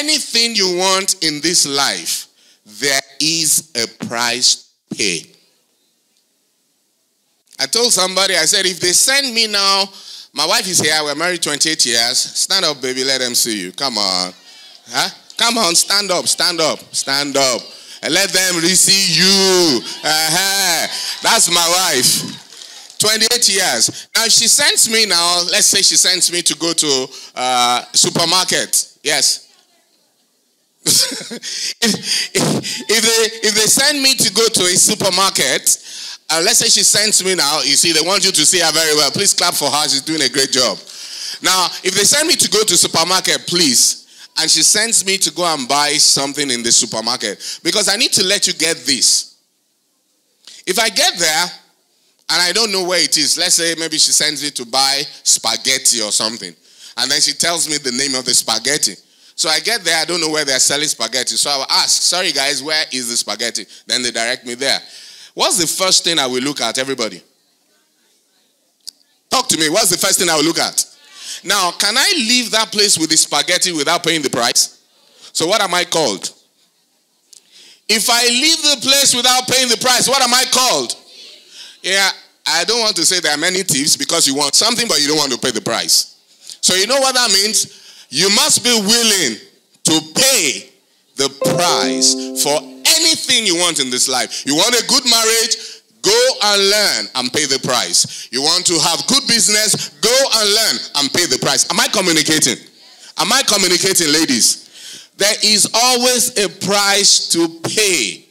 anything you want in this life, there is a price to pay. I told somebody, I said, if they send me now, my wife is here, we're married 28 years. Stand up, baby, let them see you. Come on. Huh? Come on, stand up, stand up, stand up. And let them receive you. Uh-huh. That's my wife. 28 years. Now she sends me now, let's say she sends me to go to uh, supermarket. Yes if, if, if, they, if they send me to go to a supermarket, uh, let's say she sends me now, you see, they want you to see her very well. Please clap for her, she's doing a great job. Now, if they send me to go to supermarket, please, and she sends me to go and buy something in the supermarket, because I need to let you get this. If I get there, and I don't know where it is. Let's say maybe she sends me to buy spaghetti or something. And then she tells me the name of the spaghetti. So I get there, I don't know where they're selling spaghetti. So I ask, sorry guys, where is the spaghetti? Then they direct me there. What's the first thing I will look at, everybody? Talk to me. What's the first thing I will look at? Now, can I leave that place with the spaghetti without paying the price? So what am I called? If I leave the place without paying the price, what am I called? Yeah, I don't want to say there are many thieves because you want something but you don't want to pay the price. So you know what that means? You must be willing to pay the price for anything you want in this life. You want a good marriage? Go and learn and pay the price. You want to have good business? Go and learn and pay the price. Am I communicating? Am I communicating, ladies? There is always a price to pay